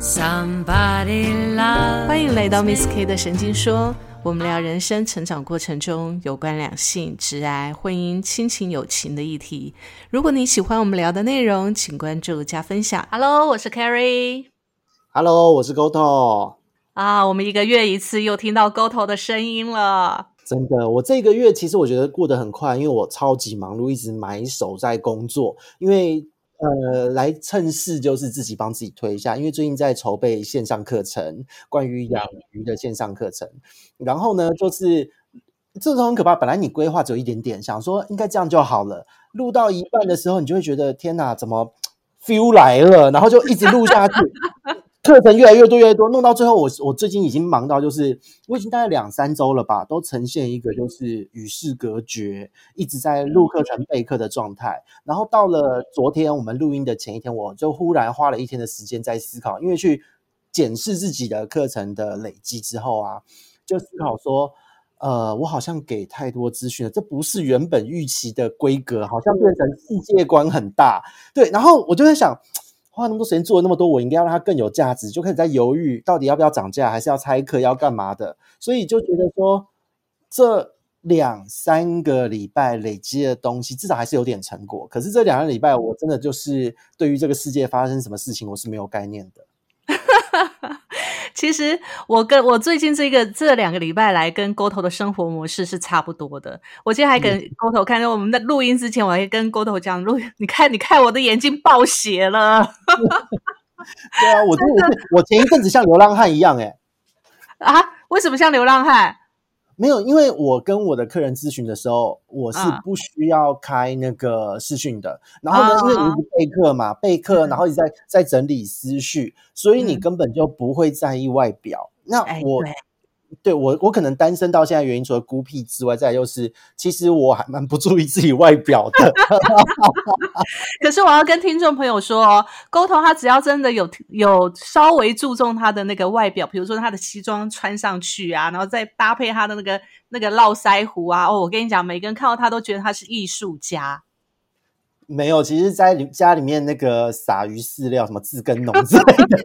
Somebody 歡迎來到 Miss K 的神經說，我們聊人生成長過程中有關兩性、職涯、婚姻、親情、友情的議題。如果你喜歡我們聊的內容，請關注加分享。Hello，我是 Carrie。Hello，我是 Gotou。啊，ah, 我們一個月一次又聽到 Gotou 的聲音了。真的，我這個月其實我覺得過得很快，因為我超級忙碌，一直埋首在工作。因為呃，來趁勢就是自己幫自己推一下，因為最近在籌備線上課程，關於養魚的線上課程。然後呢，就是這種很可怕，本來你規劃只有一點點，想說應該這樣就好了，錄到一半的時候，你就會覺得天哪，怎麼 feel 來了，然後就一直錄下去。 課程越來越多，越來多，越多弄到最後我，我我最近已經忙到，就是我已經大概兩三週了吧，都呈現一個就是與世隔絕，一直在錄課程、備課的狀態。然後到了昨天我們錄音的前一天，我就忽然花了一天的時間在思考，因為去檢視自己的課程的累積之後啊，就思考說，呃，我好像給太多資訊了，這不是原本預期的規格，好像變成世界觀很大，對。然後我就在想。花那麼多時間做了那麼多，我應該要讓它更有價值，就開始在猶豫到底要不要漲價，還是要拆課，要幹嘛的？所以就覺得說，這兩三個禮拜累積的東西，至少還是有點成果。可是這兩個禮拜，我真的就是對於這個世界發生什麼事情，我是沒有概念的。 其實我跟我最近這個這兩個禮拜來跟郭頭的生活模式是差不多的。我今天還跟郭頭看到、嗯、我們在錄音之前，我還跟郭頭講錄，你看，你看我的眼睛爆血了。 對啊，我覺得我真的我前一陣子像流浪漢一樣、欸，誒。啊，為什麼像流浪漢？沒有，因為我跟我的客人諮詢的時候，我是不需要開那個視訊的。Uh, 然後呢，因為你是備課嘛，uh huh. 備課然後你在、嗯、在整理思緒，所以你根本就不會在意外表。嗯、那我。哎對我，我可能單身到現在原因，除了孤僻之外，再來就是其實我還蠻不注意自己外表的。 可是我要跟聽眾朋友說哦，Gotou 他只要真的有有稍微注重他的那個外表，比如說他的西裝穿上去啊，然後再搭配他的那個那個絡腮鬍啊，哦，我跟你講，每個人看到他都覺得他是藝術家。沒有，其實在家裡面那個撒魚飼料，什麼自耕農之類的，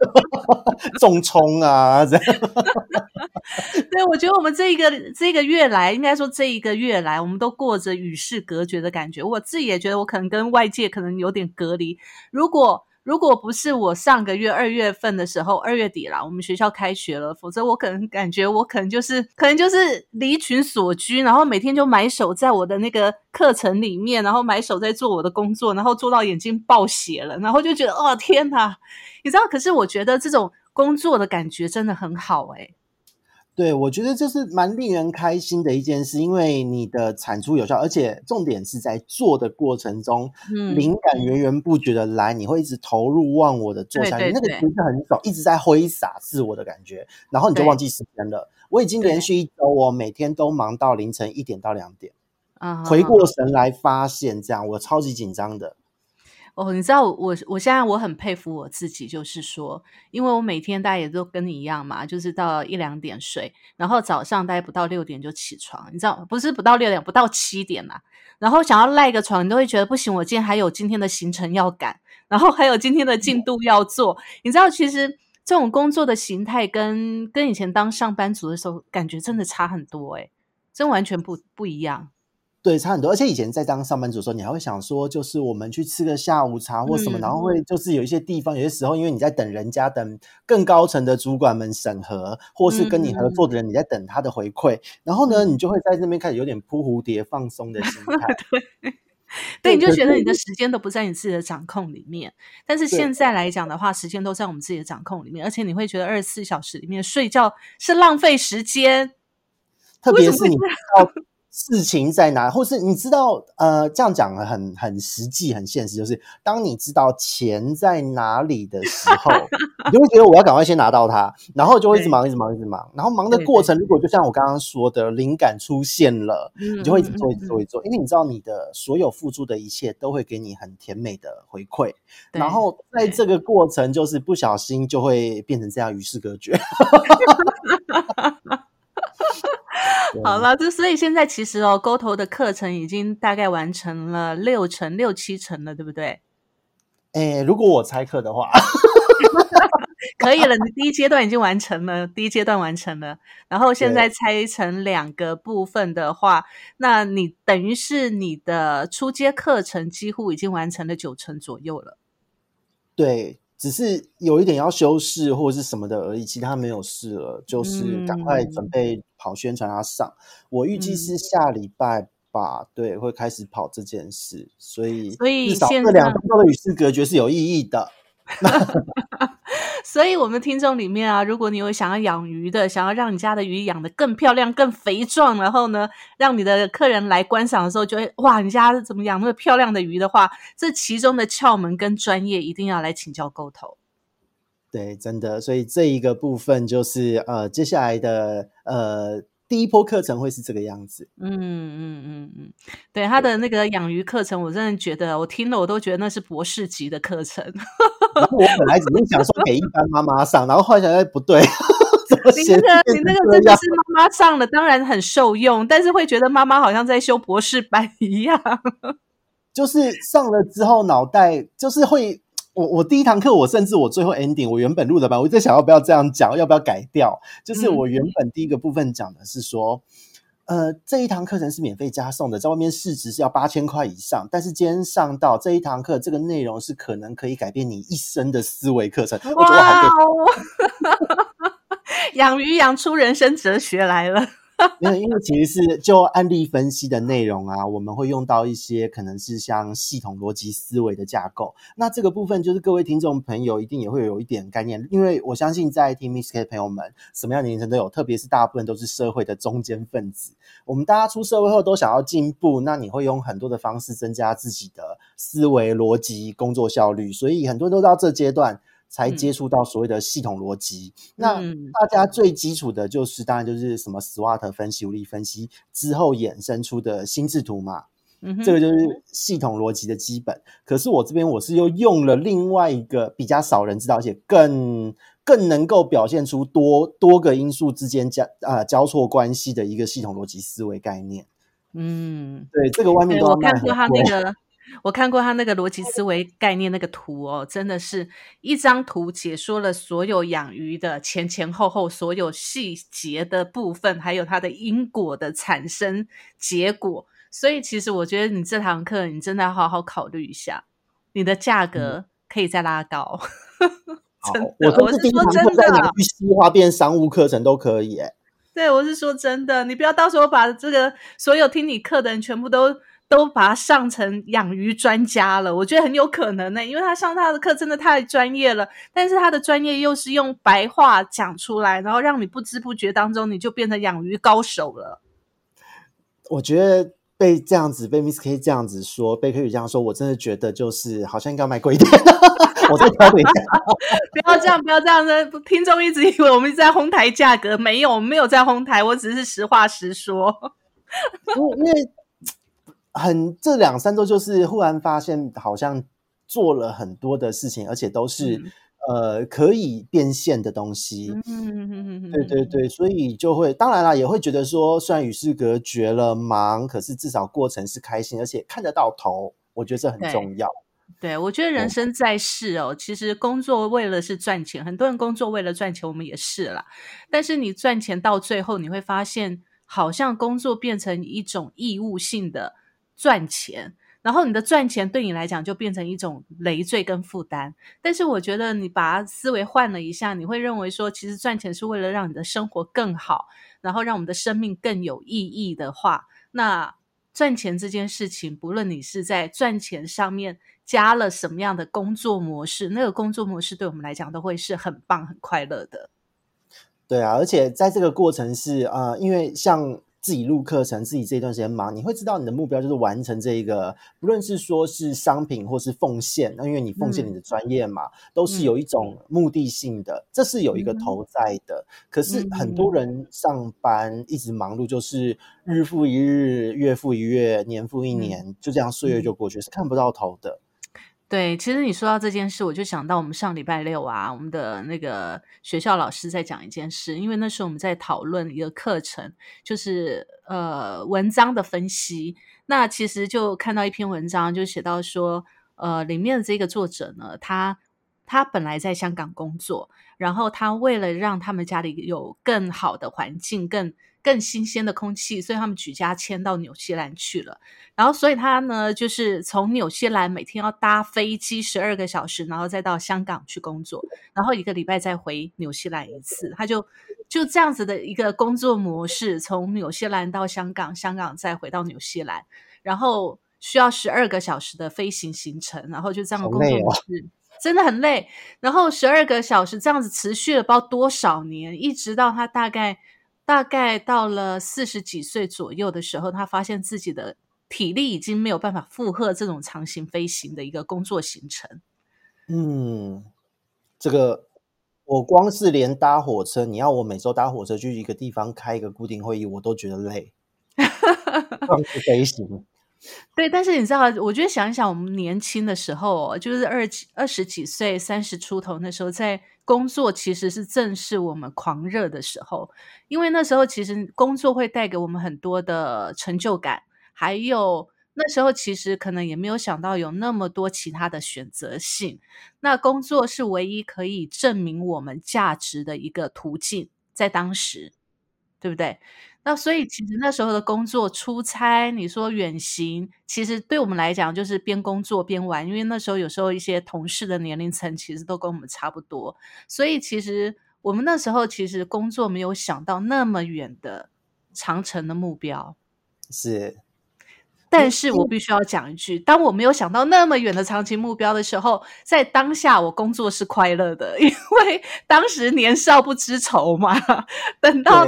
種蔥 啊這樣。 對，我覺得我們這一個這個月來，應該說這一個月來，我們都過着與世隔絕的感覺。我自己也覺得，我可能跟外界可能有點隔離。如果如果不是我上個月二月份的時候，二月底啦，我們學校開學了，否則我可能感覺我可能就是可能就是離群索居，然後每天就埋首在我的那個課程裡面，然後埋首在做我的工作，然後做到眼睛爆血了，然後就覺得哦天哪，你知道？可是我覺得這種工作的感覺真的很好哎、欸。對，我覺得這是蠻令人開心的一件事，因為你的產出有效，而且重點是在做的過程中，嗯、靈感源源不絕的來，你會一直投入忘我的做下去，對對對，那個其實很爽，一直在揮灑自我的感覺，然後你就忘記時間了。對我已經連續一周，對我每天都忙到凌晨一點到兩點，啊哈哈，回過神來發現這樣，我超級緊張的。哦，你知道我我現在我很佩服我自己，就是說，因為我每天大概也都跟你一樣嘛，就是到一兩點睡，然後早上大概不到六點就起床，你知道，不是不到六點，不到七點吶、啊，然後想要賴個床，你都會覺得不行，我今天還有今天的行程要趕，然後還有今天的進度要做，嗯、你知道，其實這種工作的形態跟跟以前當上班族的時候感覺真的差很多、欸，誒，真完全不不一樣。對，差很多。而且以前在當上班族的時候，你還會想說，就是我們去吃個下午茶或什麼，嗯、然後會就是有一些地方，有些時候因為你在等人家，等更高層的主管們審核，或是跟你合作的人，你在等他的回饋，嗯、然後呢，你就會在那邊開始有點撲蝴蝶、放鬆的心態。 對，對對你就覺得你的時間都不在你自己的掌控裡面。但是現在來講的話，對時間都在我們自己的掌控裡面，而且你會覺得二十四小時裡面睡覺是浪費時間，特別是你。 事情在哪，或是你知道，呃，這樣講的很很實際、很現實，就是當你知道錢在哪裡的時候， 你就會覺得我要趕快先拿到它，然後就會一直忙、對 一直忙、一直忙。然後忙的過程，對對對如果就像我剛剛說的，靈感出現了，對對對你就會一直做、一直做、做、一直做，因為你知道你的所有付出的一切都會給你很甜美的回饋。對 然後在這個過程，就是不小心就會變成這樣與世隔絕。 好了，就所以現在其實哦 Gotou 的課程已經大概完成了六成、六七成了，對不對？哎、欸，如果我拆課的話， 可以了。你第一階段已經完成了， 第一階段完成了，然後現在拆成兩個部分的話，對那你等於是你的初階課程幾乎已經完成了九成左右了，對。只是有一點要修飾或者是什麼的而已，其他沒有事了，就是趕快準備跑宣傳啊上。嗯、我預計是下禮拜吧，嗯、對，會開始跑這件事，所以，所以至少場這兩周的與世隔絕是有意義的。 所以，我們聽眾裡面啊，如果你有想要養魚的，想要讓你家的魚養得更漂亮，更肥壯，然後呢，讓你的客人來觀賞的時候就會，覺得哇，你家怎麼養那麼漂亮的魚的話，這其中的竅門跟專業一定要來請教 Gotou。對，真的，所以這一個部分就是呃，接下來的呃。第一波課程會是這個樣子，嗯嗯嗯嗯，對，對他的那個養魚課程，我真的覺得我聽了，我都覺得那是博士級的課程。然後我本來只是想說給一般媽媽上， 然後後來想說哎不對， 你那個怎麼這你那個真的是媽媽上了，當然很受用，但是會覺得媽媽好像在修博士班一樣， 就是上了之後腦袋就是會。我我第一堂課，我甚至我最後 ending，我原本錄的吧，我在想要不要這樣講，要不要改掉？就是我原本第一個部分講的是說，嗯、呃，這一堂課程是免費加送的，在外面市值是要八千塊以上，但是今天上到這一堂課，這個內容是可能可以改變你一生的思維課程。我覺得哇，哇哦，養 魚養出人生哲學來了。因為 因為其實是就案例分析的內容啊，我們會用到一些可能是像系統邏輯思維的架構。那這個部分就是各位聽眾朋友一定也會有一點概念，因為我相信在聽 MissK 的朋友們，什麼樣的年齡層都有，特別是大部分都是社會的中堅分子。我們大家出社會後都想要進步，那你會用很多的方式增加自己的思維邏輯、工作效率，所以很多人都到這階段才接觸到所謂的系統邏輯、嗯，那大家最基礎的就是，當然就是什麼 SWOT 分析、五力分析之後衍生出的心智圖嘛、嗯哼，這個就是系統邏輯的基本。可是我這邊我是又用了另外一個比較少人知道，而且更更能夠表現出多多個因素之間交啊、呃、交錯關係的一個系統邏輯思維概念。嗯，對，這個外面都、欸，看過他那個。 我看過他那個邏輯思維概念那個圖哦，嗯、真的是一張圖解說了所有養魚的前前後後所有細節的部分，還有它的因果的產生結果。所以其實我覺得你這堂課，你真的要好好考慮一下，你的價格可以再拉高。好，我是說真的，你去西化變商務課程都可以哎。對，我是說真的，你不要到時候把這個所有聽你課的人全部都。都把他上成養魚專家了，我覺得很有可能呢、欸，因為他上他的課真的太專業了。但是他的專業又是用白話講出來，然後讓你不知不覺當中你就變成養魚高手了。我覺得被這樣子被 Miss K 這樣子說，被 K 宇這樣說我真的覺得就是好像應該賣貴一點。我在挑對價，不要這樣，不要這樣子。 聽眾一直以為我們在哄抬價格，沒有，我們沒有在哄抬，我只是實話實說。因為。 很這兩三周就是忽然發現好像做了很多的事情，而且都是呃可以變現的東西。嗯嗯嗯對對對，所以就會當然啦，也會覺得說雖然與世隔絕了，忙，可是至少過程是開心，而且看得到頭，我覺得這很重要。對，我覺得人生在世哦，其實工作為了是賺錢，很多人工作為了賺錢，我們也是啦。但是你賺錢到最後，你會發現好像工作變成一種義務性的。賺錢，然後你的賺錢對你來講就變成一種累贅跟負擔。但是我覺得你把思維換了一下，你會認為說，其實賺錢是為了讓你的生活更好，然後讓我們的生命更有意義的話，那賺錢這件事情，不論你是在賺錢上面加了什麼樣的工作模式，那個工作模式對我們來講都會是很棒、很快樂的。對啊，而且在這個過程是，啊、呃，因為像。自己錄課程，自己這段時間忙，你會知道你的目標就是完成這一個，不論是說是商品或是奉獻，那因為你奉獻你的專業嘛，嗯、都是有一種目的性的，這是有一個頭在的。嗯、可是很多人上班一直忙碌，就是日復一日，嗯、月復一月，年復一年，嗯、就這樣歲月就過去，嗯、是看不到頭的。對，其實你說到這件事，我就想到我們上禮拜六啊，我們的那個學校老師在講一件事，因為那時候我們在討論一個課程，就是呃文章的分析。那其實就看到一篇文章，就寫到說，呃，裡面的這個作者呢，他。他本來在香港工作，然後他為了讓他們家裡有更好的環境、更更新鮮的空氣，所以他們舉家遷到紐西蘭去了。然後，所以他呢，就是從紐西蘭每天要搭飛機十二個小時，然後再到香港去工作，然後一個禮拜再回紐西蘭一次。他就就這樣子的一個工作模式：從紐西蘭到香港，香港再回到紐西蘭，然後需要十二個小時的飛行行程，然後就這樣的工作模式、啊。真的很累，然後十二個小時這樣子持續了，不知道多少年，一直到他大概大概到了四十幾歲左右的時候，他發現自己的體力已經沒有辦法負荷這種長型飛行的一個工作行程。嗯，這個我光是連搭火車，你要我每周搭火車去一個地方開一個固定會議，我都覺得累。光 是飛行。對，但是你知道，我覺得想一想，我們年輕的時候，就是二二十幾歲、三十出頭那時候，在工作其實是正是我們狂熱的時候，因為那時候其實工作會帶給我們很多的成就感，還有那時候其實可能也沒有想到有那麼多其他的選擇性，那工作是唯一可以證明我們價值的一個途徑，在當時，對不對？那所以，其實那時候的工作出差，你說遠行，其實對我們來講就是邊工作邊玩，因為那時候有時候一些同事的年齡層其實都跟我們差不多，所以其實我們那時候其實工作沒有想到那麼遠的長程的目標。是，但是我必須要講一句，嗯、當我沒有想到那麼遠的長期目標的時候，在當下我工作是快樂的，因為當時年少不知愁嘛，等到。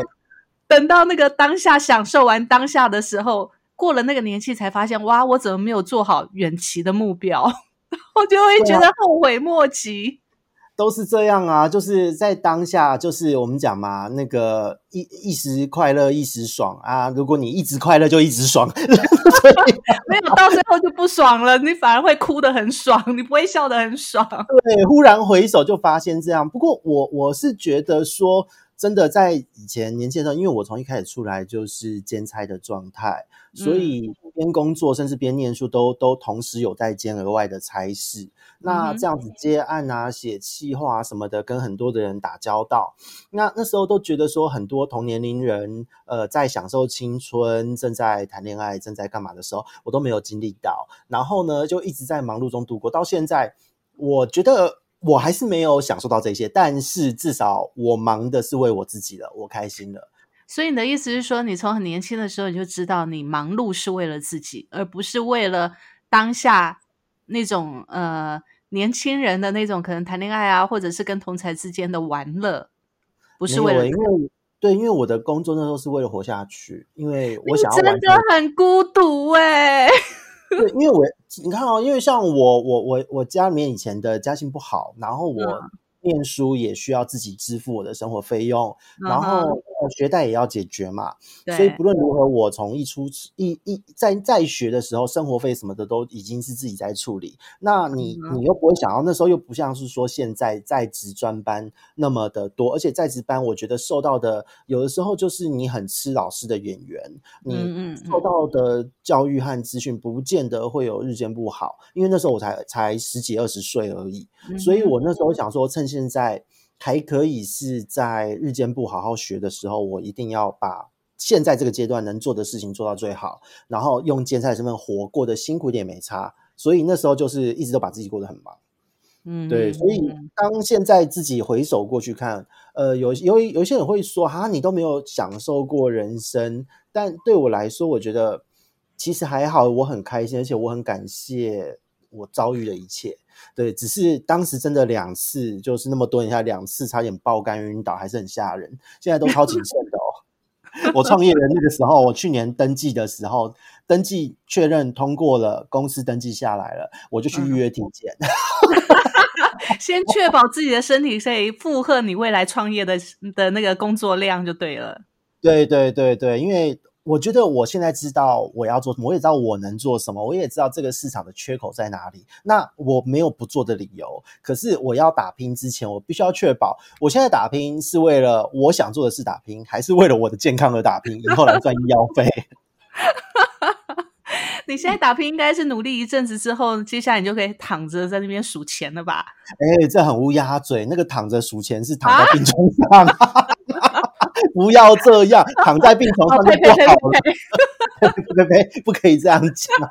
等到那個當下享受完當下的時候，過了那個年紀才發現，哇，我怎麼沒有做好遠期的目標？我就會覺得後悔莫及。啊、都是這樣啊，就是在當下，就是我們講嘛，那個一一時快樂一時爽啊。如果你一直快樂，就一直爽， 沒有 到最後就不爽了。你反而會哭得很爽，你不會笑得很爽。對，忽然回首就發現這樣。不過我我是覺得說。真的在以前年輕的時候，因為我從一開始出來就是兼差的狀態，嗯、所以邊工作甚至邊念書都都同時有在兼額外的差事。嗯嗯，那這樣子接案啊、寫企劃什麼的，跟很多的人打交道。那那時候都覺得說，很多同年齡人呃在享受青春、正在談戀愛、正在幹嘛的時候，我都沒有經歷到。然後呢，就一直在忙碌中度過。到現在，我覺得。我還是沒有享受到這些，但是至少我忙的是為我自己的，我開心的。所以你的意思是說，你從很年輕的時候你就知道，你忙碌是為了自己，而不是為了當下那種呃年輕人的那種可能談戀愛啊，或者是跟同儕之間的玩樂，不是為了，了。因為。對，因為我的工作那時候是為了活下去，因為我想真的很孤獨哎、欸。 對，因為我你看哦，因為像我我我我家裡面以前的家境不好，然後我念書也需要自己支付我的生活費用，然後。呃，學貸也要解決嘛，對所以不論如何，我從一出一一在在學的時候，生活費什麼的都已經是自己在處理。那你你又不會想到那時候又不像是說現在在職專班那麼的多，而且在職班我覺得受到的有的時候就是你很吃老師的眼緣，你受到的教育和資訊不見得會有日間不好，因為那時候我才才十幾二十歲而已，所以我那時候想說趁現在。還可以是在日間部好好學的時候，我一定要把現在這個階段能做的事情做到最好，然後用競賽身份活過得辛苦一點沒差。所以那時候就是一直都把自己過得很忙，嗯，嗯，對。所以當現在自己回首過去看，呃，有有有些人會說，哈，你都沒有享受過人生。但對我來說，我覺得其實還好，我很開心，而且我很感謝。我遭遇的一切，對，只是當時真的兩次，就是那麼多年下來兩次，差點爆肝暈倒，還是很嚇人。現在都超謹慎的哦。 我創業的那個時候，我去年登記的時候，登記確認通過了，公司登記下來了，我就去預約體檢，嗯、 先確保自己的身體可以負荷你未來創業的的那個工作量就對了。對對對對，因為。我覺得我現在，知道我要做什麼，我也知道我能做什麼，我也知道這個市場的缺口在哪裡。那我沒有不做的理由。可是我要打拼之前，我必須要確保我現在打拼是為了我想做的事打拼，還是為了我的健康而打拼，以後來賺醫藥費？ 你現在打拼應該是努力一陣子之後，接下來你就可以躺着在那邊數錢了吧？哎，這很烏鴉嘴。那個躺着數錢是躺在病床上。啊 不要這樣 躺在病床上就不好了，不、哦、 不可以這樣講。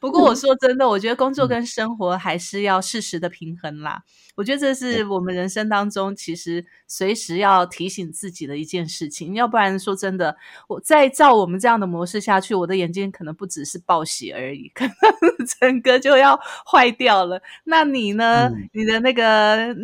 不過我說真的，我覺得工作跟生活還是要適時的平衡啦。我覺得這是我們人生當中其實隨時要提醒自己的一件事情。要不然說真的，我再照我們這樣的模式下去，我的眼睛可能不只是爆血而已，可能整個就要壞掉了。那你呢？嗯、你的那個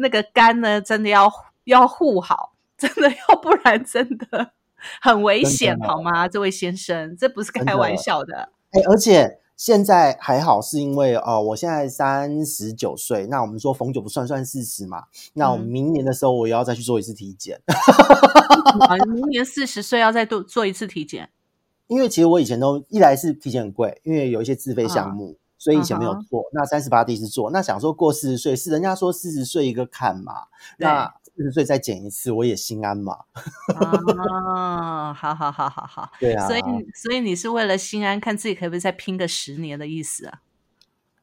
那個肝呢，真的要要護好。真的，要不然真的很危險，嗎？好嗎？這位先生，這不是開玩笑的。哎、欸，而且現在還好，是因為哦、呃，我現在三十九歲，那我們說逢九不算算四十嘛。那我們明年的時候，我也要再去做一次體檢。嗯、 明年四十歲要再多做一次體檢， 因為其實我以前都一來是體檢很貴，因為有一些自費項目，啊、所以以前沒有做。啊、哈那三十八第一次做，那想說過四十歲是人家說四十歲一個坎嘛，那。四十歲再減一次，我也心安嘛。啊、 哦，好好好好好，對啊。所以，所以你是為了心安，看自己可不可以再拼個十年的意思啊？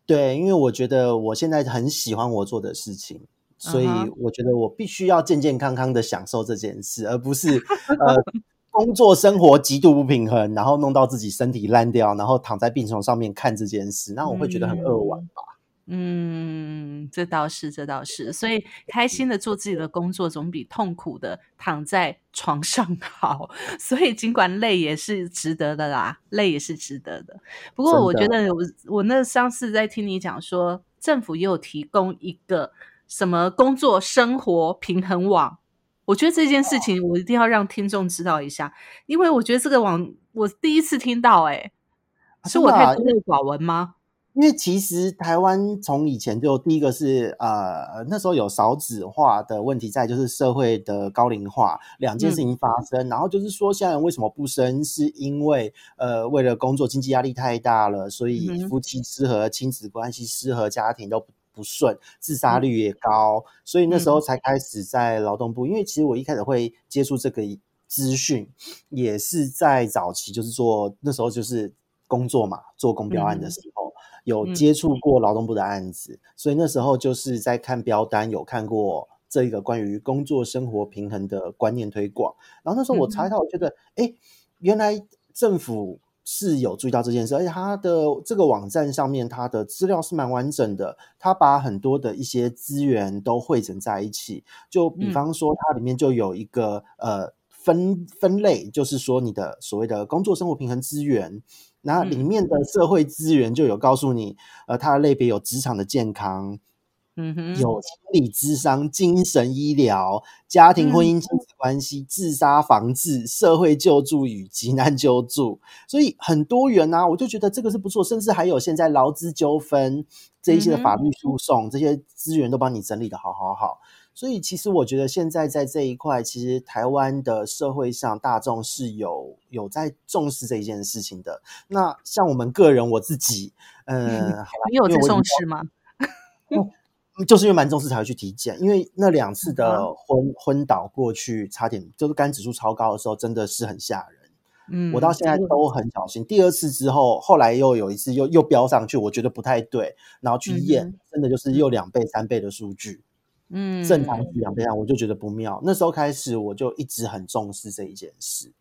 對，因為我覺得我現在很喜歡我做的事情，所以我覺得我必須要健健康康的享受這件事，uh huh. 而不是呃， 工作生活極度不平衡，然後弄到自己身體爛掉，然後躺在病床上面看這件事，那我會覺得很扼腕吧。嗯嗯，這倒是，這倒是，所以開心的做自己的工作總比痛苦的躺在床上好。所以儘管累也是值得的啦，累也是值得的。不過我覺得我，我的我那上次在聽你講說，政府也有提供一個什麼工作生活平衡網，我覺得這件事情我一定要讓聽眾知道一下，啊、因為我覺得這個網我第一次聽到、欸，誒，是我太孤陋寡聞嗎？啊因為其實台灣從以前就第一個是呃那時候有少子化的問題在，就是社會的高齡化兩件事情發生，嗯、然後就是說現在為什麼不生，是因為呃為了工作經濟壓力太大了，所以夫妻失和、嗯、親子關係失和、家庭都不不順，自殺率也高，嗯、所以那時候才開始在勞動部，嗯、因為其實我一開始會接觸這個資訊，也是在早期就是做那時候就是工作嘛，做公標案的時候。嗯有接觸過勞動部的案子，嗯、所以那時候就是在看標單，有看過這一個關於工作生活平衡的觀念推廣。然後那時候我查一查，我覺得，哎、嗯，原來政府是有注意到這件事，而且它的這個網站上面，它的資料是蠻完整的，它把很多的一些資源都匯整在一起。就比方說，它裡面就有一個、嗯、呃分分類，就是說你的所謂的工作生活平衡資源。那裡面的社會資源就有告訴你，嗯、呃，它的類別有職場的健康，嗯哼，有心理諮商，精神醫療，家庭婚姻親子關係，嗯、哼自殺防治、社會救助與急難救助，所以很多元啊。我就覺得這個是不錯，甚至還有現在勞資糾紛這一些的法律訴訟，嗯、哼這些資源都幫你整理的好好好。所以，其實我覺得現在在這一塊，其實台灣的社會上大眾是有有在重視這一件事情的。那像我們個人我自己，呃、嗯，好吧，你有在重視嗎、嗯？就是因為蠻重視才會去體檢，因為那兩次的昏、嗯、昏倒過去，差點就是肝指數超高的時候，真的是很嚇人。嗯，我到現在都很小心。第二次之後，後來又有一次又又飆上去，我覺得不太對，然後去驗，嗯嗯真的就是又兩倍、三倍的數據。嗯，正常去養血糖，我就覺得不妙。那時候開始，我就一直很重視這一件事。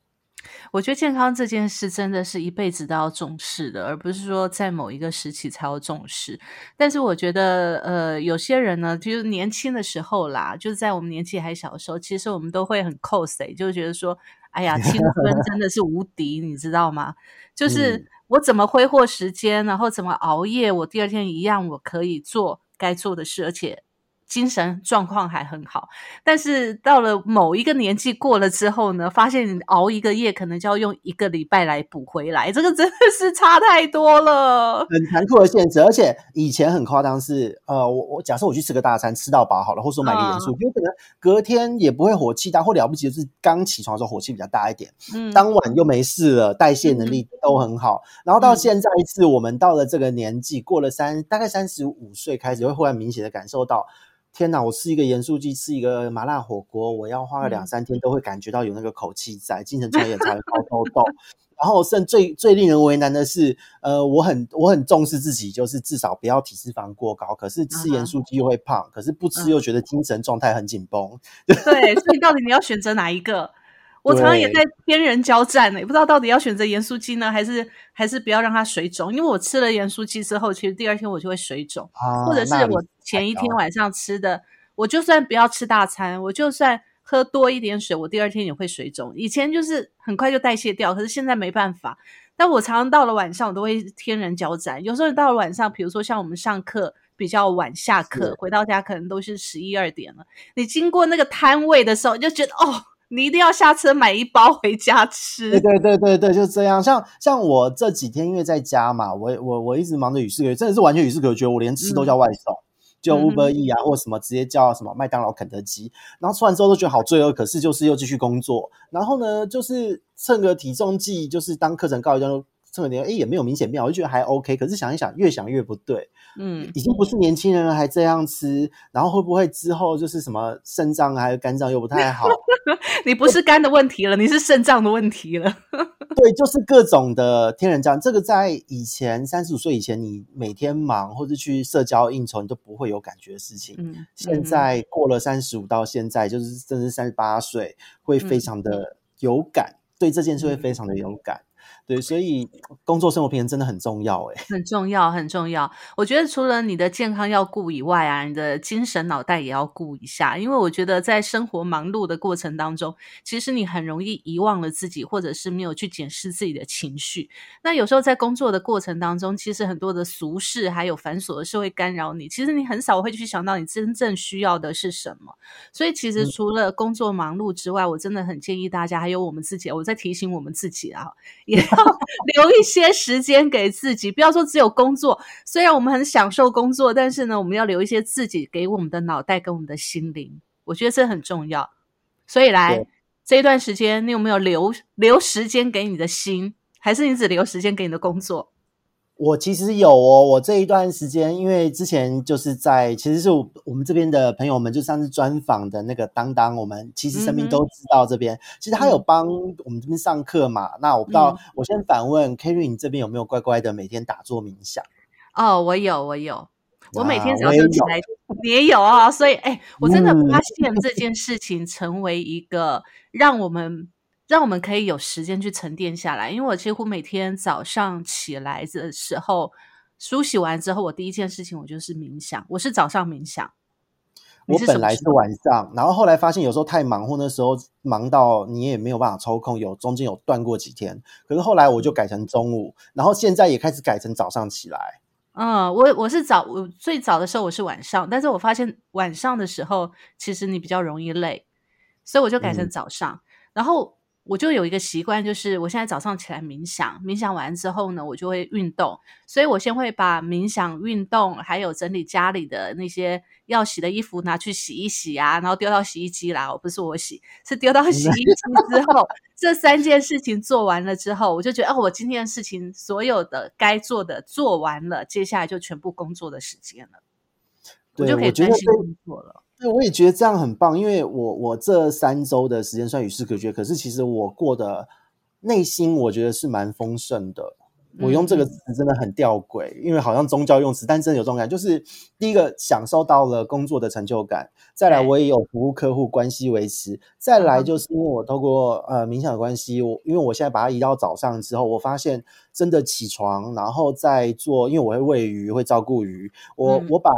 我覺得健康這件事真的是一輩子都要重視的，而不是說在某一個時期才要重視。但是我覺得，呃，有些人呢，就是年輕的時候啦，就是在我們年紀還小的時候，其實我們都會很 cos，、欸、就覺得說，哎呀，青春真的是無敵， 你知道嗎？就是我怎麼揮霍時間，然後怎麼熬夜，我第二天一樣，我可以做該做的事，而且，精神狀況還很好，但是到了某一個年紀過了之後呢，發現你熬一個夜可能就要用一個禮拜來補回來，這個真的是差太多了，很殘酷的限制，而且以前很誇張是，呃，我我假設我去吃個大餐，吃到飽好了，或者說買個元素，有、啊、可能隔天也不會火氣大，或了不起就是剛起床的時候火氣比較大一點，嗯、當晚又沒事了，代謝能力都很好。嗯、然後到現在一次，我們到了這個年紀，嗯、過了三大概三十五歲開始，會忽然明顯的感受到。天哪！我吃一個鹽酥雞，吃一個麻辣火鍋，我要花個兩三天、嗯、都會感覺到有那個口氣在，精神狀態才會高高鬥。 然後甚，甚至最最令人為難的是，呃，我很我很重視自己，就是至少不要體脂肪過高。可是吃鹽酥雞又會胖，嗯、可是不吃又覺得精神狀態很緊繃。 對，所以到底你要選擇哪一個？我常常也在天人交戰、欸，也對不知道到底要選擇鹽酥雞呢，還是還是不要讓它水腫？因為我吃了鹽酥雞之後，其實第二天我就會水腫，啊、或者是我。前一天晚上吃的，我就算不要吃大餐，我就算喝多一點水，我第二天也會水腫。以前就是很快就代謝掉，可是現在沒辦法。但我常常到了晚上，我都會天人交戰。有時候你到了晚上，比如說像我們上課比較晚下，下課是回到家可能都是十一二點了。你經過那個攤位的時候，你就覺得哦，你一定要下車買一包回家吃。對對對對對，就是這樣。像像我這幾天因為在家嘛，我我我一直忙着與世隔絕，真的是完全與世隔絕，我連吃都叫外送。嗯。就 Uber E 啊，嗯、或什麼直接叫什麼麥當勞、肯德基，然後吃完之後都覺得好罪惡，可是就是又繼續工作，然後呢，就是秤個體重計，就是當課程告一段落。這個年，哎，也沒有明顯變，我就覺得還 OK。可是想一想，越想越不對。嗯，已經不是年輕人了，還這樣吃，然後會不會之後就是什麼腎臟還有肝臟又不太好？你，就你不是肝的問題了，你是腎臟的問題了。 對，就是各種的天然臟。這個在以前三十五歲以前，你每天忙或者去社交應酬，你都不會有感覺的事情。嗯，嗯，現在過了三十五，到現在就是甚至三十八歲，會非常的有感。嗯、對，對這件事會非常的有感。嗯對，所以工作生活平衡真的很重要。欸，哎，很重要，很重要。我覺得除了你的健康要顧以外啊，你的精神腦袋也要顧一下。因為我覺得在生活忙碌的過程當中，其實你很容易遺忘了自己，或者是沒有去檢視自己的情緒。那有時候在工作的過程當中，其實很多的俗事還有繁瑣的事會干擾你。其實你很少會去想到你真正需要的是什麼。所以其實除了工作忙碌之外，嗯、我真的很建議大家，還有我們自己，我在提醒我們自己啊，也。 留一些時間給自己，不要說只有工作。雖然我們很享受工作，但是呢，我們要留一些自己給我們的腦袋跟我們的心靈。我覺得這很重要。所以來對這一段時間，你有沒有留留時間給你的心？還是你只留時間給你的工作？我其實有哦，我這一段時間，因為之前就是在，其實是我我們這邊的朋友們，就上次專訪的那個當當，我們其實身邊都知道這邊，嗯、其實他有幫我們這邊上課嘛。嗯、那我不知道，嗯、我先反問 Kerry 你這邊有沒有乖乖的每天打坐冥想？哦，我有，我有，哇我每天早上起來也有啊、哦。所以，哎，我真的發現這件事情成為一個讓我們。讓我們可以有時間去沉澱下來，因為我幾乎每天早上起來的時候梳洗完之後，我第一件事情我就是冥想。我是早上冥想，我本來是晚上，然後後來發現有時候太忙或那時候忙到你也沒有辦法抽空，有中間有斷過幾天。可是後來我就改成中午，然後現在也開始改成早上起來。嗯，我我是早我最早的時候我是晚上，但是我發現晚上的時候其實你比較容易累，所以我就改成早上，嗯、然後。我就有一個習慣，就是我現在早上起來冥想，冥想完之後呢，我就會運動。所以我先會把冥想、運動，還有整理家裡的那些要洗的衣服拿去洗一洗啊，然後丟到洗衣機啦。我不是我洗，是丟到洗衣機之後， 這三件事情做完了之後，我就覺得，哦，我今天的事情所有的該做的做完了，接下來就全部工作的時間了，對我就可以專心工作了。對，我也覺得這樣很棒，因為我我這三周的時間算與世隔絕，可是其實我過的內心我覺得是蠻豐盛的。嗯嗯、我用這個詞真的很吊詭，因為好像宗教用詞，但真的有這種感覺。就是第一個享受到了工作的成就感，再來我也有服務客戶關係維持，再來就是因為我透過呃冥想的關係，我因為我現在把它移到早上之後，我發現真的起床然後再做，因為我會餵魚，會照顧魚，我我把。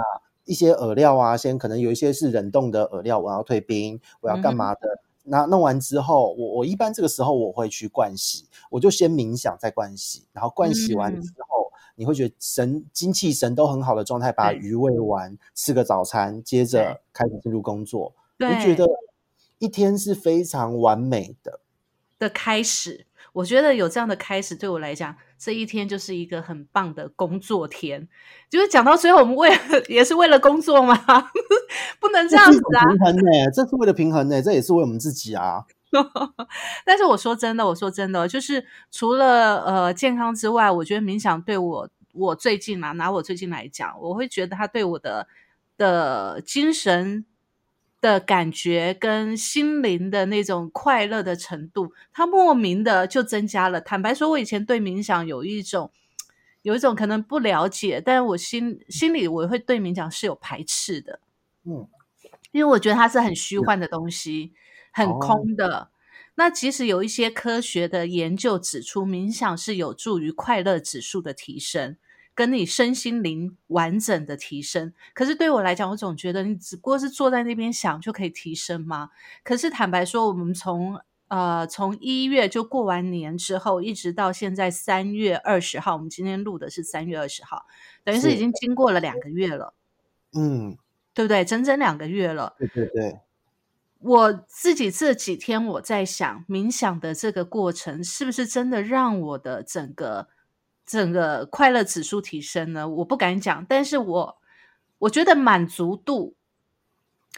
一些餌料啊，先可能有一些是冷凍的餌料，我要退冰，我要幹嘛的？那、嗯、哼弄完之後，我我一般這個時候我會去灌洗，我就先冥想再灌洗，然後灌洗完之後，嗯、哼你會覺得神精氣神都很好的狀態，把魚餵完，對吃個早餐，接着開始進入工作，我對覺得一天是非常完美的的開始。我覺得有這樣的開始，對我來講，這一天就是一個很棒的工作天。就是講到最後，我們為也是為了工作嗎？ 不能這樣子啊！這是平衡呢、欸，這是為了平衡呢、欸，這也是為我們自己啊。 但是我說真的，我說真的，就是除了呃健康之外，我覺得冥想對我，我最近啊，拿我最近來講，我會覺得它對我的的精神。的感覺跟心靈的那種快樂的程度，它莫名的就增加了。坦白說，我以前對冥想有一種有一種可能不了解，但是我心心裡我會對冥想是有排斥的，嗯，因為我覺得它是很虛幻的東西，嗯、很空的。哦、那其實有一些科學的研究指出冥想是有助於快樂指數的提升。跟你身心靈完整的提升，可是對我來講，我總覺得你只不過是坐在那邊想就可以提升嗎？可是坦白說，我們從呃從一月就過完年之後，一直到現在三月二十號，我們今天錄的是三月二十號，等於是已經經過了兩個月了。嗯，對不對？整整兩個月了。對對對。我自己這幾天我在想，冥想的這個過程是不是真的讓我的整個。整個快樂指數提升呢，我不敢講，但是我我覺得滿足度，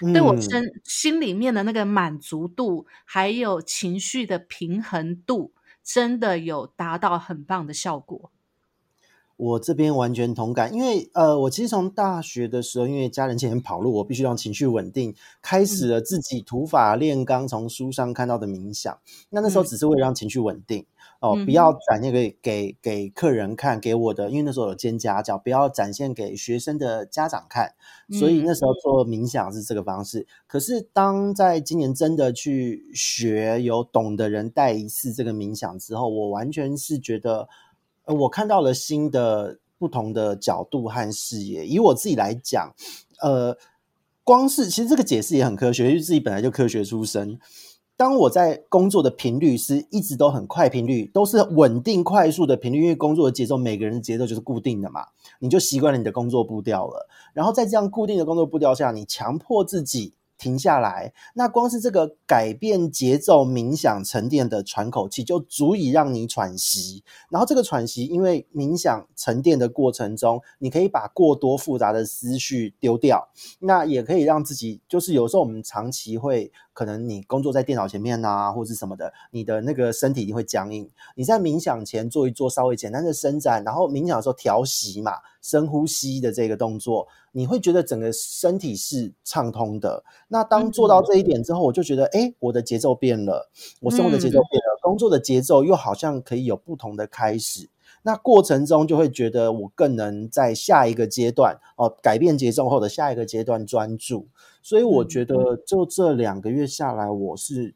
嗯、對我身心裡面的那個滿足度，還有情緒的平衡度，真的有達到很棒的效果。我這邊完全同感，因為呃，我其實從大學的時候，因為家人借錢跑路，我必須讓情緒穩定，開始了自己土法煉鋼，從書上看到的冥想，嗯、那那時候只是為了讓情緒穩定。嗯。哦，不要展現給、嗯、哼給給客人看，給我的，因為那時候有兼家教，不要展現給學生的家長看。所以那時候做冥想是這個方式。嗯、可是當在今年真的去學，有懂的人帶一次這個冥想之後，我完全是覺得，呃，我看到了新的、不同的角度和視野。以我自己來講，呃，光是其實這個解釋也很科學，因為自己本來就科學出身。當我在工作的頻率是一直都很快，頻率都是穩定快速的頻率，因為工作的節奏，每個人的節奏就是固定的嘛，你就習慣了你的工作步調了。然後在這樣固定的工作步調下，你強迫自己停下來，那光是這個改變節奏、冥想、沉澱的喘口氣，就足以讓你喘息。然後這個喘息，因為冥想沉澱的過程中，你可以把過多複雜的思緒丟掉，那也可以讓自己，就是有時候我們長期會。可能你工作在電腦前面吶、啊，或是什麼的，你的那個身體一定會僵硬。你在冥想前做一做稍微簡單的伸展，然後冥想的時候調息嘛，深呼吸的這個動作，你會覺得整個身體是暢通的。那當做到這一點之後，我就覺得，哎、嗯欸，我的節奏變了，我生活的節奏變了，嗯、工作的節奏又好像可以有不同的開始。那過程中就會覺得我更能在下一個階段哦，改變節奏後的下一個階段專注。所以我覺得就這兩個月下來，我是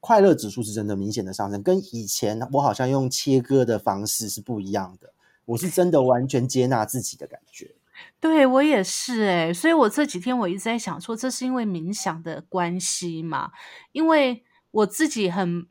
快樂指數是真的明顯的上升，跟以前我好像用切割的方式是不一樣的。我是真的完全接納自己的感覺。對，我也是哎、欸，所以我這幾天我一直在想說，這是因為冥想的關係嘛，因為我自己很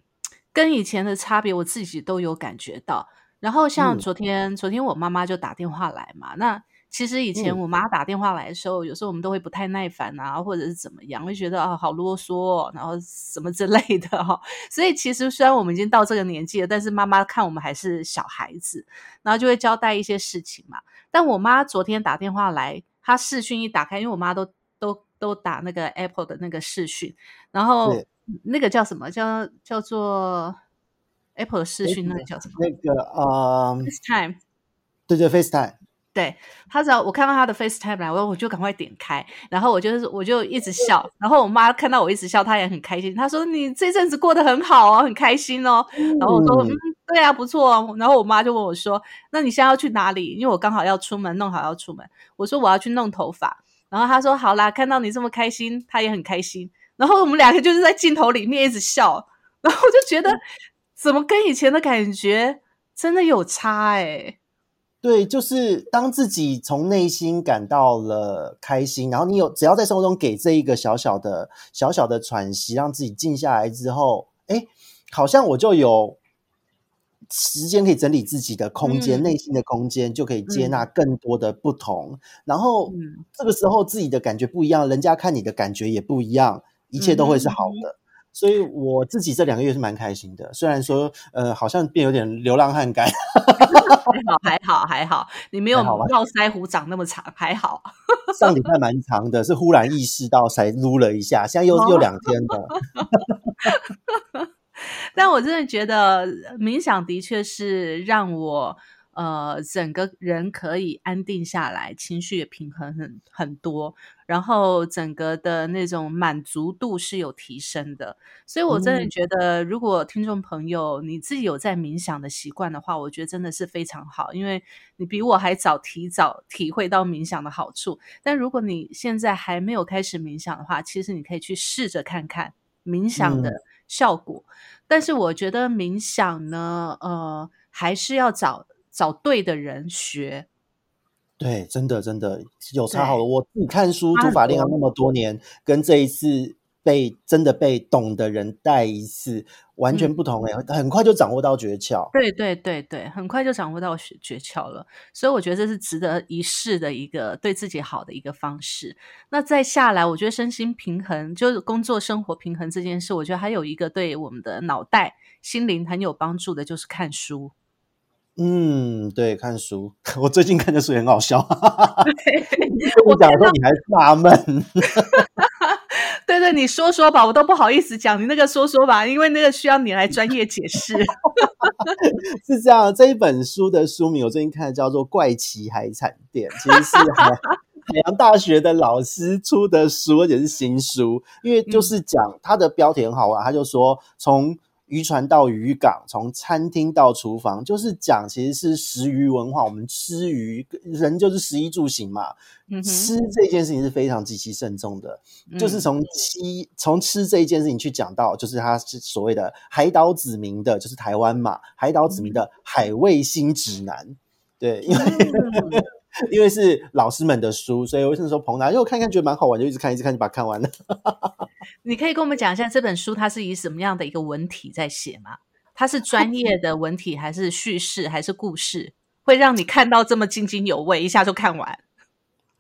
跟以前的差別，我自己都有感覺到。然後像昨天，嗯、昨天我媽媽就打電話來嘛。那其實以前我媽打電話來的時候，嗯、有時候我們都會不太耐煩啊，或者是怎麼樣，會覺得啊、哦、好囉嗦、哦，然後什麼之類的哈、哦。所以其實雖然我們已經到這個年紀了，但是媽媽看我們還是小孩子，然後就會交代一些事情嘛。但我媽昨天打電話來，她視訊一打開，因為我媽都都都打那個 Apple 的那個視訊，然後那個叫什麼是叫叫做。Apple 的視訊那個叫什麼？那個啊、um，FaceTime，對對，FaceTime。FaceTime 對，他只要我看到他的 FaceTime 來，我我就趕快點開，然後我就是我就一直笑，對，然後我媽看到我一直笑，她也很開心。她說：“你這陣子過得很好哦，很開心哦。”然後我說：“嗯，嗯，對呀、啊，不錯、哦。”然後我媽就問我說：“那你現在要去哪裡？”因為我剛好要出門，弄好要出門。我說：“我要去弄頭髮。”然後她說：“好啦，看到你這麼開心，她也很開心。”然後我們兩個就是在鏡頭裡面一直笑，然後我就覺得。嗯怎麼跟以前的感覺真的有差哎、欸？對，就是當自己從內心感到了開心，然後你有只要在生活中給這一個小小的、小小的喘息，讓自己靜下來之後，哎，好像我就有時間可以整理自己的空間，嗯、內心的空間就可以接納更多的不同。嗯、然後、嗯、這個時候自己的感覺不一樣，人家看你的感覺也不一樣，一切都會是好的。嗯嗯所以我自己這兩個月是蠻開心的，雖然說，呃，好像變有點流浪漢感。還好，還好，還好，你沒有絡腮鬍長那麼長，還好，還好。上禮拜蠻長的，是忽然意識到才擼了一下，現在又、哦、又兩天的， 但我真的覺得冥想的確是讓我。呃，整個人可以安定下來，情緒也平衡很很多，然後整個的那種滿足度是有提升的。所以我真的覺得，如果聽眾朋友、嗯、你自己有在冥想的習慣的話，我覺得真的是非常好，因為你比我還早提早體會到冥想的好處。但如果你現在還沒有開始冥想的話，其實你可以去試着看看冥想的效果。嗯、但是我覺得冥想呢，呃，還是要找。找對的人學，對，真的真的有差好多。對我自己看書讀法令啊那麼多年，啊、跟這一次被真的被懂的人帶一次完全不同誒、欸，嗯、很快就掌握到訣竅。對對對對，很快就掌握到訣訣竅了。所以我覺得這是值得一試的一個對自己好的一個方式。那再下來，我覺得身心平衡，就是工作生活平衡這件事，我覺得還有一個對我們的腦袋、心靈很有幫助的，就是看書。嗯，對，看書，我最近看的書也很好笑，對呵呵我講的時候你還納悶， 對對，你說說吧，我都不好意思講你那個說說吧，因為那個需要你來專業解釋， 是這樣，這一本書的書名我最近看的叫做《怪奇海產店》，其實是海洋大學的老師出的書，而且是新書，因為就是講他、嗯、的標題很好玩，他就說從，漁船到漁港，從餐廳到廚房，就是講其實是食魚文化。我們吃魚，人就是食衣住行嘛。嗯、哼吃這件事情是非常極其慎重的。嗯、就是從吃，從吃這一件事情去講到，就是他是所謂的海島子民的，就是台灣嘛。海島子民的海味新指南，嗯、對，因為 因為是老師們的書，所以為什麼說捧場，因為我看看覺得蠻好玩，就一直看，一直看就把它看完了。呵呵你可以跟我們講一下這本書它是以什麼樣的一個文體在寫嗎？它是專業的文體，還是敘事，還是故事，會讓你看到這麼津津有味，一下就看完？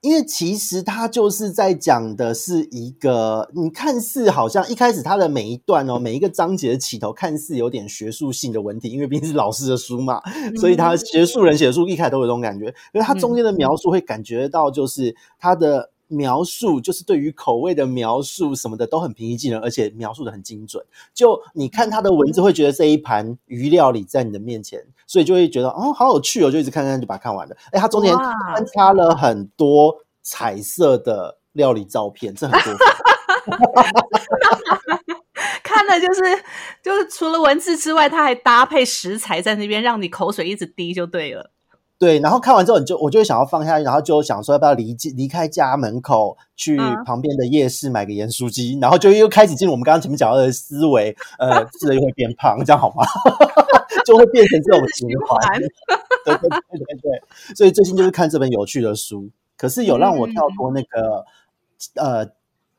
因為其實它就是在講的是一個你看似好像一開始它的每一段哦，每一個章節的起頭看似有點學術性的文體，因為畢竟是老師的書嘛，嗯，所以他學術人寫的書一開始都有這種感覺，可是它中間的描述會感覺到就是它的。描述就是對於口味的描述什麼的都很平易近人，而且描述的很精準。就你看他的文字，會覺得這一盤魚料理在你的面前，所以就會覺得哦，好有趣哦，就一直看看就把它看完了。哎，它中間穿插了很多彩色的料理照片，哇這很多。看了就是就是除了文字之外，他還搭配食材在那邊，讓你口水一直滴，就對了。對，然後看完之後，你就我就會想要放下去，然後就想說要不要離離開家門口，去旁邊的夜市買個鹽酥雞，啊、然後就又開始進入我們剛剛前面講到的思維，呃，吃了又會變胖， 這樣好嗎？ 就會變成這種循環， 對，對，對對對對。所以最近就是看這本有趣的書，可是有讓我跳脫那個、嗯、呃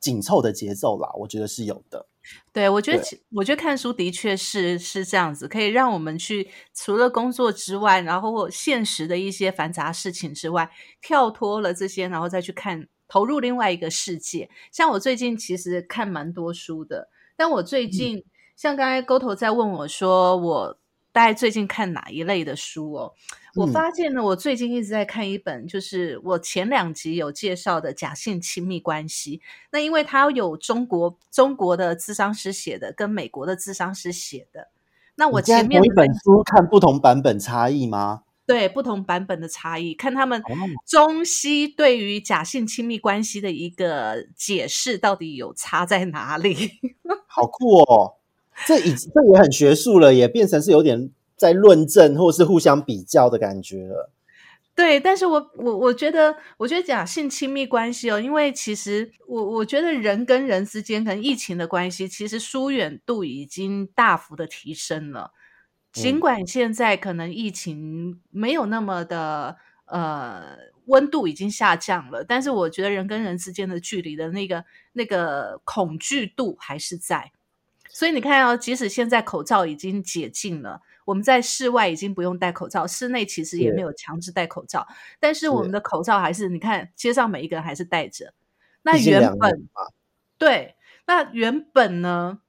緊湊的節奏啦，我覺得是有的。對，我覺得，對我覺得看書的確是是這樣子，可以讓我們去除了工作之外，然後現實的一些繁雜事情之外，跳脫了這些，然後再去看，投入另外一個世界。像我最近其實看蠻多書的，但我最近、嗯、像剛才 Gotou 在問我說，我大概最近看哪一類的書哦？我發現呢，我最近一直在看一本，就是我前兩集有介紹的假性親密關係。那因為它有中國中國的諮商師寫的，跟美國的諮商師寫的。那我前面，你一本書看不同版本差異嗎？對，不同版本的差異，看他們中西對於假性親密關係的一個解釋到底有差在哪裡？ 好酷哦，這已經這也很學術了，也變成是有點。在論證或是互相比較的感覺了，對，但是我我我覺得，我覺得假性親密關係哦，因為其實我我覺得人跟人之間可能疫情的關係，其實疏遠度已經大幅的提升了。嗯、儘管現在可能疫情沒有那麼的呃溫度已經下降了，但是我覺得人跟人之間的距離的那個那個恐懼度還是在。所以你看哦，即使現在口罩已經解禁了。我們在室外已經不用戴口罩，室內其實也沒有強制戴口罩，是但是我們的口罩還是，是你看街上每一個人還是戴着。那原本，對，那原本呢？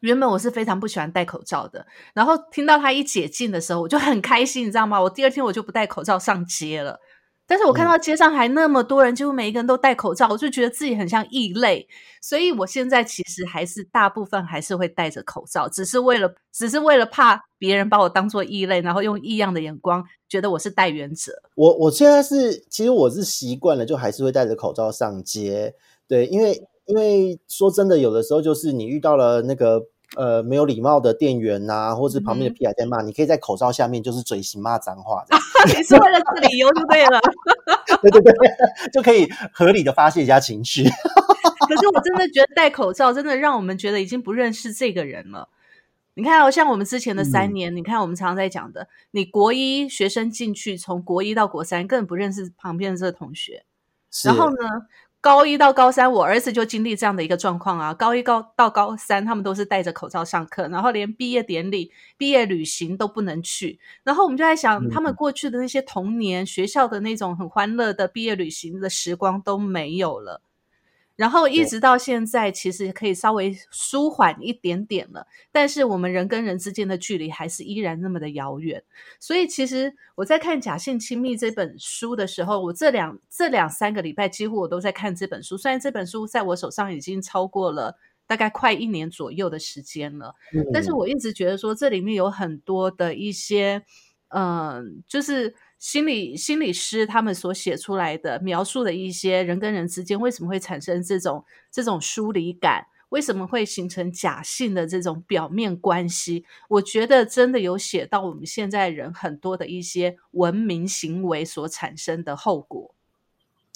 原本我是非常不喜歡戴口罩的，然後聽到他一解禁的時候，我就很開心，你知道嗎？我第二天我就不戴口罩上街了。但是我看到街上還那麼多人，嗯、幾乎每一個人都戴口罩，我就覺得自己很像異類，所以我現在其實還是大部分還是會戴着口罩，只是為了只是為了怕別人把我當做異類，然後用異樣的眼光覺得我是帶原者。我我現在是其實我是習慣了，就還是會戴着口罩上街，對，因為因為說真的，有的時候就是你遇到了那個。呃，沒有禮貌的店員吶、啊，或者旁邊的屁孩在罵、嗯、你，可以在口罩下面就是嘴型罵髒話， 你說的是為了這個理由就對了， 對對對，就可以合理的發洩一下情緒。 可是我真的覺得戴口罩真的讓我們覺得已經不認識這個人了。你看、哦，像我們之前的三年，嗯、你看我們常常在講的，你國一學生進去，從國一到國三，根本不認識旁邊的這個同學。是然後呢？高一到高三，我兒子就經歷這樣的一個狀況啊，高一高到高三，他們都是戴着口罩上課，然後連畢業典禮、畢業旅行都不能去。然後我們就在想，他們過去的那些童年、學校的那種很歡樂的畢業旅行的時光都沒有了。然後一直到現在，其實可以稍微舒緩一點點了，嗯、但是我們人跟人之間的距離還是依然那麼的遙遠。所以，其實我在看《假性親密》這本書的時候，我這兩這兩三個禮拜幾乎我都在看這本書。雖然這本書在我手上已經超過了大概快一年左右的時間了，嗯、但是我一直覺得說這裡面有很多的一些，嗯、呃，就是。心理心理師他們所寫出來的描述的一些人跟人之間為什麼會產生這種這種疏離感？為什麼會形成假性的這種表面關係？我覺得真的有寫到我們現在人很多的一些文明行為所產生的後果。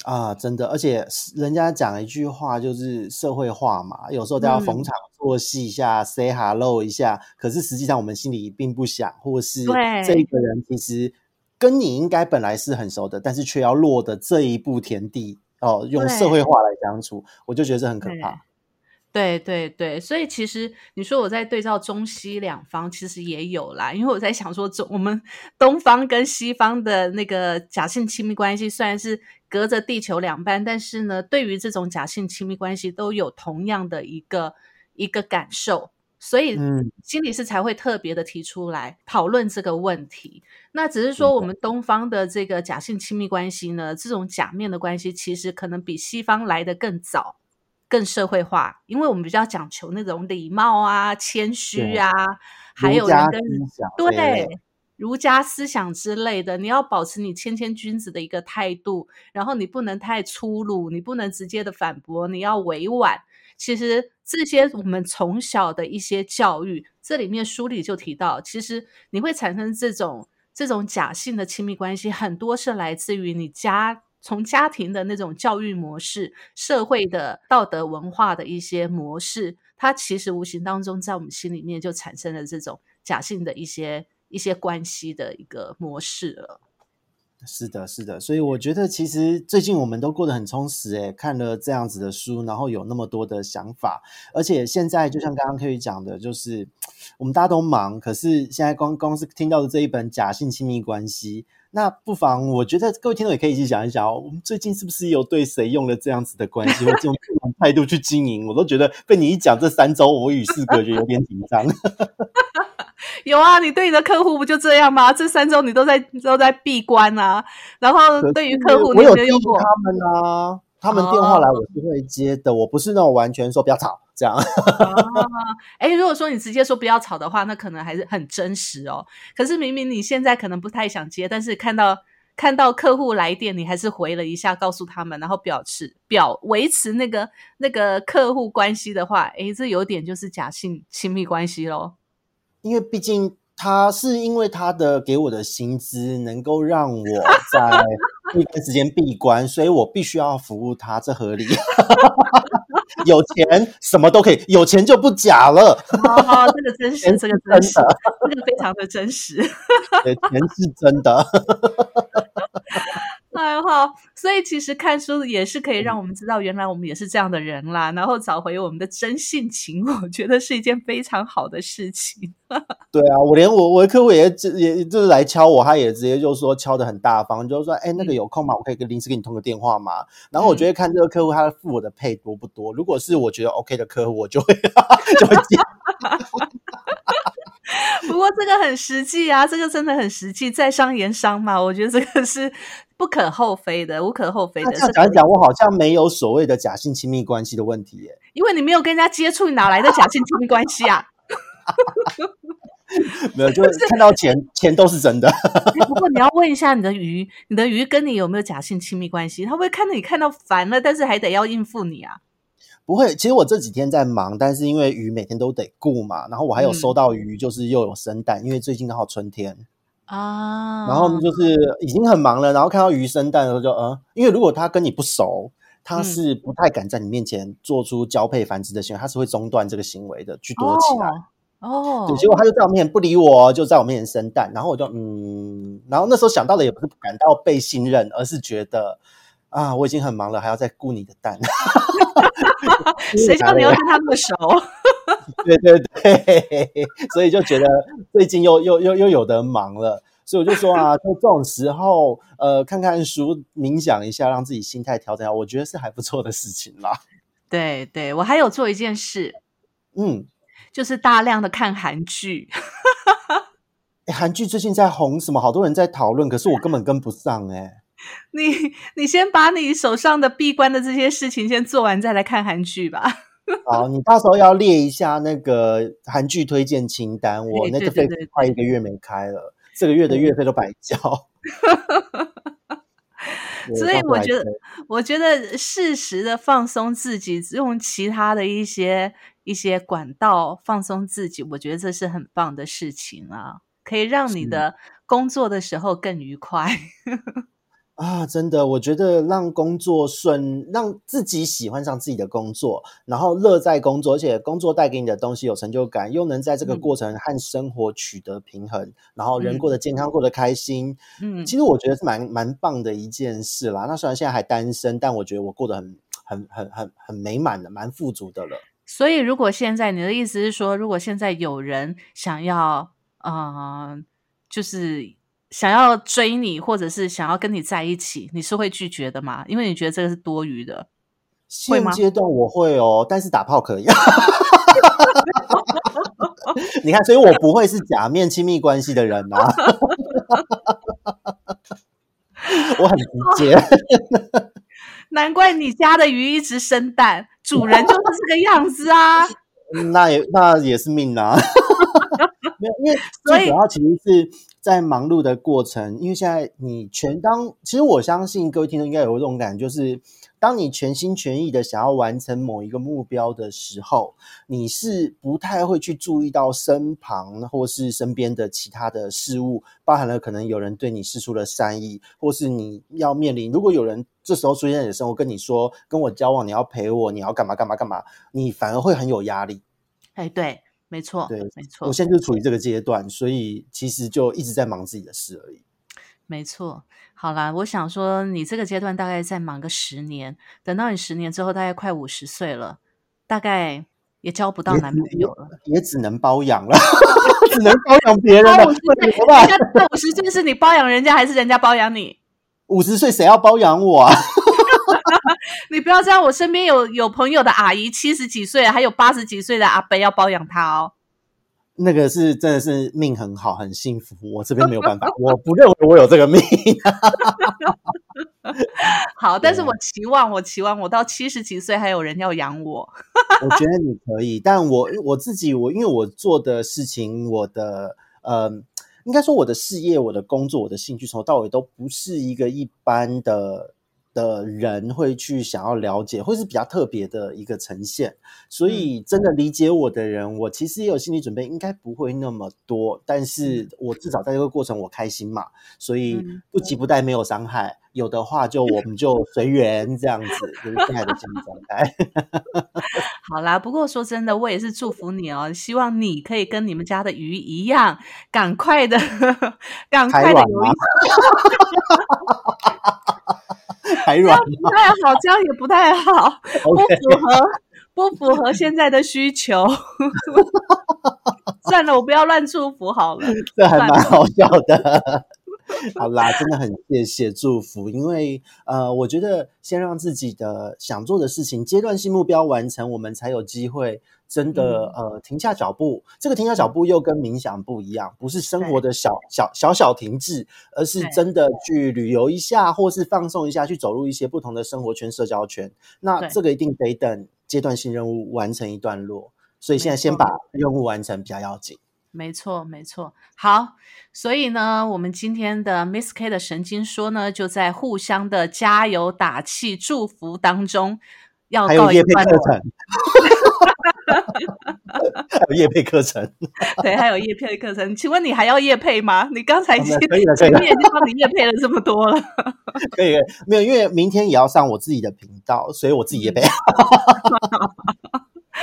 啊，真的，而且人家講一句話就是社會化嘛，有時候都要逢場作戲一下，嗯，say hello 一下，可是實際上我們心裡並不想，或是這一個人其實。跟你應該本來是很熟的，但是卻要落得這一步田地哦，用社會化來相處，對我就覺得這很可怕對。對對對，所以其實你說我在對照中西兩方，其實也有啦。因為我在想說，中我們東方跟西方的那個假性親密關係，雖然是隔着地球兩半，但是呢，對於這種假性親密關係，都有同樣的一個一個感受。所以，心理師才會特別的提出來、嗯、討論這個問題。那只是說，我們東方的這個假性親密關係呢，嗯、這種假面的關係，其實可能比西方來的更早、更社會化，因為我們比較講求那種禮貌啊、謙虛啊，對還有儒、那個、家對，對儒家思想之類的，你要保持你謙謙君子的一個態度，然後你不能太粗魯，你不能直接的反駁，你要委婉。其實這些我們從小的一些教育，這裡面書裡就提到，其實你會產生這種這種假性的親密關係，很多是來自於你家從家庭的那種教育模式、社會的道德文化的一些模式，它其實無形當中在我們心裡面就產生了這種假性的一些一些關係的一個模式了。是的，是的，所以我覺得其實最近我們都過得很充實，哎，看了這樣子的書，然後有那麼多的想法，而且現在就像剛剛可以講的，就是我們大家都忙，可是現在光光是聽到的這一本假性親密關係，那不妨我覺得各位聽眾也可以一起想一想，我們最近是不是有對誰用了這樣子的關係 或這種態度去經營？我都覺得被你一講這三周，我與世隔絕有點緊張。 有啊，你對你的客戶不就這樣嗎？這三周你都在你都在閉關啊，然後對於客戶，你有沒有接他們啊？他們電話來，我是會接的，啊、我不是那種完全說不要吵這樣。誒 、啊欸、如果說你直接說不要吵的話，那可能還是很真實哦。可是明明你現在可能不太想接，但是看到看到客戶來電，你還是回了一下，告訴他們，然後表示表維持那個那個客戶關係的話，誒、欸、這有點就是假性親，親密關係嘍。因為畢竟他是因為他的給我的薪資能夠讓我在一段時間閉關， 所以我必須要服務他這，這合理。有錢什麼都可以，有錢就不假了。 哦哦，這個真實，這個真的， 這個非常的真實。錢 是真的。 愛、哎、好，所以其實看書也是可以讓我們知道，原來我們也是這樣的人啦，嗯、然後找回我們的真性情，我覺得是一件非常好的事情。對啊，我連我我的客戶也也就是來敲我，他也直接就說敲的很大方，就是說，哎、欸，那個有空嗎？嗯、我可以跟臨時給你通個電話嗎？然後我覺得看這個客戶他付我的配多不多，如果是我覺得 OK 的客戶，我就會 就會接 剪。 不過這個很實際啊，這個真的很實際，在商言商嘛，我覺得這個是。不可厚非的，無可厚非的。他講一講，我好像沒有所謂的假性親密關係的問題耶。因為你沒有跟人家接觸，哪來的假性親密關係啊？ 沒有，就是看到錢，是 錢都是真的。 不過你要問一下你的魚，你的魚跟你有沒有假性親密關係？他會，會看到你看到煩了，但是還得要應付你啊？不會，其實我這幾天在忙，但是因為魚每天都得顧嘛，然後我還有收到魚，嗯、就是又有生蛋，因為最近剛好春天。啊，然後就是已經很忙了，然後看到魚生蛋的時候就嗯，因為如果他跟你不熟，他是不太敢在你面前做出交配繁殖的行為，他是會中斷這個行為的，去躲起來。哦，哦，對，結果他就在我面前不理我，就在我面前生蛋，然後我就嗯，然後那時候想到的也不是不感到被信任，而是覺得啊，我已經很忙了，還要再顧你的蛋， 誰說你跟他們熟？ 對對對，所以就覺得最近又又又又有得忙了，所以我就說啊，在這種時候，呃，看看書，冥想一下，讓自己心態調整好，我覺得是還不錯的事情啦。對對，我還有做一件事，嗯，就是大量的看韓劇 。韓劇最近在紅什麼？好多人在討論，可是我根本跟不上哎、欸。 你你先把你手上的閉關的這些事情先做完，再來看韓劇吧。好、 啊，你到時候要列一下那個韓劇推薦清單。我那個費快一個月沒開了，這個月的月費都白交。 對所以我覺得， 我覺得適時的放鬆自己，用其他的一些一些管道放鬆自己，我覺得這是很棒的事情啊，可以讓你的工作的時候更愉快。 啊，真的，我覺得讓工作順，讓自己喜歡上自己的工作，然後樂在工作，而且工作帶給你的東西有成就感，又能在這個過程和生活取得平衡，嗯、然後人過得健康，嗯、過得開心，嗯，其實我覺得是蠻蠻棒的一件事啦。嗯、那雖然現在還單身，但我覺得我過得很很很很很美滿的，蠻富足的了。所以，如果現在你的意思是說，如果現在有人想要，嗯、呃，就是。想要追你，或者是想要跟你在一起，你是會拒絕的嗎？因為你覺得這個是多餘的。會嗎？現階段我會哦，但是打炮可以。 你看，所以我不會是假面親密關係的人吶、啊。 我很直接。 難怪你家的魚一直生蛋，主人就是這個樣子啊。 那也那也是命啊。 沒有，因為最主要其實是在忙碌的過程。所以，因為現在你全當，其實我相信各位聽眾應該有這種感覺，就是當你全心全意的想要完成某一個目標的時候，你是不太會去注意到身旁或是身邊的其他的事物，包含了可能有人對你釋出了善意，或是你要面臨，如果有人這時候出現在你的生活跟你說，跟我交往，你要陪我，你要幹嘛幹嘛幹嘛，你反而會很有壓力。哎，欸、對。沒錯，對，沒錯。我現在就處於這個階段，對所以其實就一直在忙自己的事而已。沒錯，好啦，我想說，你這個階段大概再忙個十年，等到你十年之後，大概快五十歲了，大概也交不到男朋友了，也只,也只能包養了， 只能包養別人了。五十 歲,歲是你包養人家 還是人家包養你？五十歲誰要包養我啊？你不要這樣，我身邊有有朋友的阿姨七十幾歲，還有八十幾歲的阿伯要包養她哦。那個是真的是命很好，很幸福。我這邊沒有辦法， 我不認為我有這個命。 好，但是我期望，對我期望我到七十幾歲還有人要養我。 我覺得你可以，但我我自己，我因為我做的事情，我的呃，應該說我的事業、我的工作、我的興趣的時候，從頭到尾都不是一個一般的。的人會去想要了解，會是比較特別的一個呈現，所以真的理解我的人，嗯、我其實也有心理準備，應該不會那麼多，但是我至少在這個過程我開心嘛，所以不急不待沒有傷害，有的話就我們就隨緣這樣子，就是現在的心理狀態。 好啦，不過說真的，我也是祝福你哦，希望你可以跟你們家的魚一樣，趕快的，趕快的游開玩。 還這樣不太好，這樣也不太好，Okay. 不符合不符合現在的需求。 算了，我不要亂祝福好了。這還蠻好笑的。了 好啦，真的很謝謝祝福。因為呃，我覺得先讓自己的想做的事情階段性目標完成，我們才有機會真的呃停下腳步。這個停下腳步又跟冥想不一樣，不是生活的小小小小停滯，而是真的去旅遊一下，或是放鬆一下，去走入一些不同的生活圈、社交圈。那這個一定得等階段性任務完成一段落，所以現在先把任務完成比較要緊。沒錯，沒錯。好，所以呢，我們今天的 Miss K 的神經說呢，就在互相的加油打氣、祝福當中，要到業配課程， 還有業配課程，對，還有業配課程。 請問你還要業配嗎？你剛才今天已經幫、oh, no, 你業配了這麼多了， 可以可以，沒有？因為明天也要上我自己的頻道，所以我自己也配。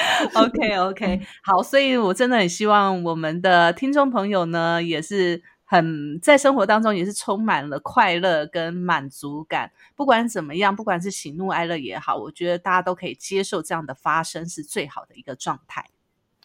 OK，OK，okay, okay. 好，所以，我真的很希望我們的聽眾朋友呢，也是很在生活當中也是充滿了快樂跟滿足感。不管怎麼樣，不管是喜怒哀樂也好，我覺得大家都可以接受這樣的發生，是最好的一個狀態。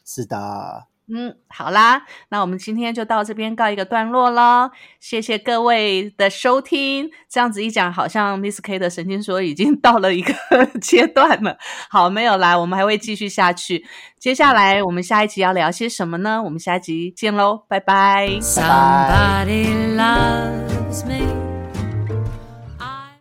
是的。嗯，好啦，那我們今天就到這邊告一個段落嘍。謝謝各位的收聽。這樣子一講，好像 Miss K 的神經說已經到了一個階段了。好，沒有啦，我們還會繼續下去。接下來我們下一集要聊些什麼呢？我們下一集見嘍，拜拜。Somebody loves me